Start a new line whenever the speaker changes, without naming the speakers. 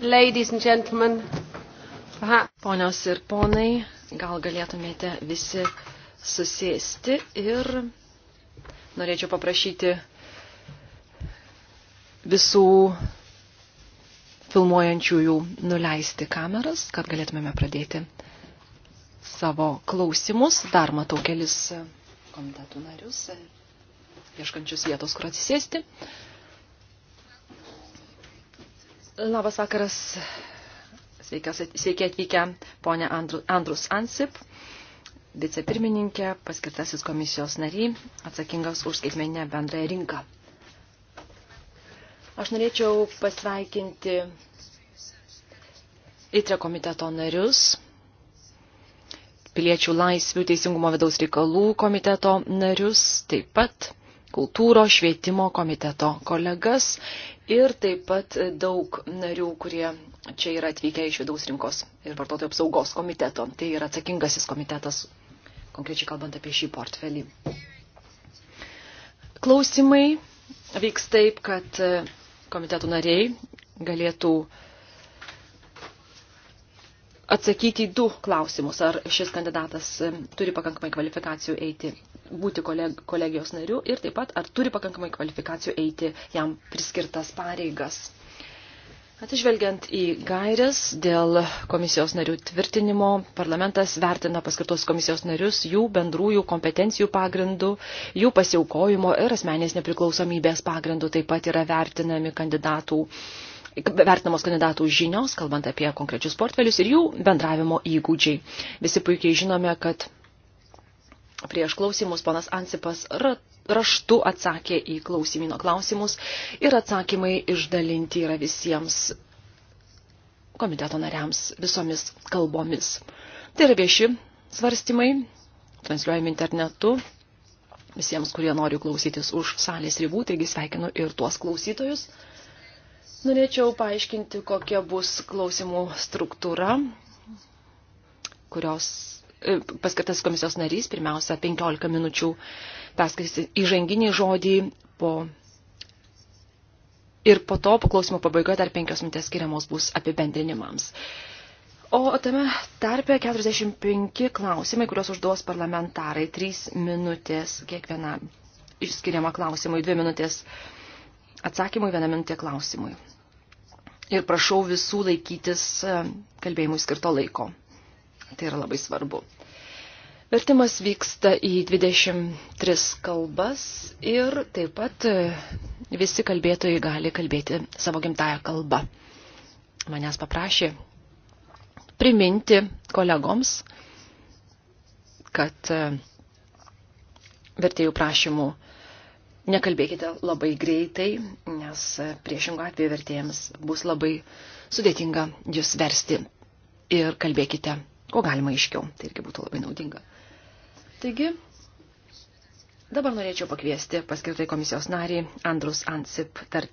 Ladies and gentlemen. Aha. Ponios ir ponai, gal galėtumėte visi susėsti ir norėčiau paprašyti visų filmuojančiųjų nuleisti kameras, kad galėtumėme pradėti savo klausimus. Dar matau kelis komitetų narius, ieškančius vietos, kur atsisėsti. Uh, Labas vakaras. Sveikas, sveiki atvykę ponė Andru, Andrus Ansip, vicepirmininkė, paskirtasis komisijos nary, atsakingas už skaitmeninę bendrąją rinką. Aš norėčiau pasveikinti įtre komiteto narius, piliečių laisvių teisingumo vidaus reikalų komiteto narius, taip pat kultūros švietimo komiteto kolegas ir taip pat daug narių, kurie čia yra atvykę iš vidaus rinkos ir vartotojų apsaugos komiteto. Tai yra atsakingasis komitetas, konkrečiai kalbant apie šį portfelį. Klausimai vyks taip, kad komitetų nariai galėtų atsakyti į du klausimus. Ar šis kandidatas turi pakankamai kvalifikacijų eiti būti koleg kolegijos nariu ir taip pat ar turi pakankamai kvalifikacijų eiti jam priskirtas pareigas. Atsižvelgiant į gairias dėl komisijos narių tvirtinimo, parlamentas vertina paskirtos komisijos narius jų bendrųjų kompetencijų pagrindų, jų pasiaukojimo ir asmenės nepriklausomybės pagrindų taip pat yra vertinami kandidatų, vertinamos kandidatų žinios, kalbant apie konkrečius portfelius ir jų bendravimo įgūdžiai. Visi puikiai žinome, kad prieš klausimus ponas Ansipas raštu atsakė į klausimino klausimus ir atsakymai išdalinti yra visiems komiteto nariams visomis kalbomis. Tai yra vieši svarstymai, transliuojami internetu visiems, kurie nori klausytis už salės ribų, taigi sveikinu ir tuos klausytojus. Norėčiau paaiškinti, kokia bus klausimų struktūra, kurios E, paskirtas komisijos narys, pirmiausia, 15 minučių perskaitys įžanginį žodį po. Ir po to, po klausimo pabaigoje, dar penkios minutės skiriamos bus apibendrinimams. O tame tarpe 45 klausimai, kuriuos užduos parlamentarai, 3 minutės kiekvienam. Išskiriama klausimui, 2 minutės atsakymui, 1 minutė klausimui. Ir prašau visų laikytis e, kalbėjimui skirto laiko. Tai yra labai svarbu. Vertimas vyksta į 23 kalbas ir taip pat e, visi kalbėtojai gali kalbėti savo gimtają kalbą. Manęs paprašė priminti kolegoms, kad e, vertėjų prašymų nekalbėkite labai greitai, nes e, priešingų atveju vertėjams bus labai sudėtinga jūs versti ir kalbėkite ko galima aiškiau. Tai irgi būtų labai naudinga. Taigi, dabar norėčiau pakviesti paskirtai komisijos narį Andrus Ansip tarti.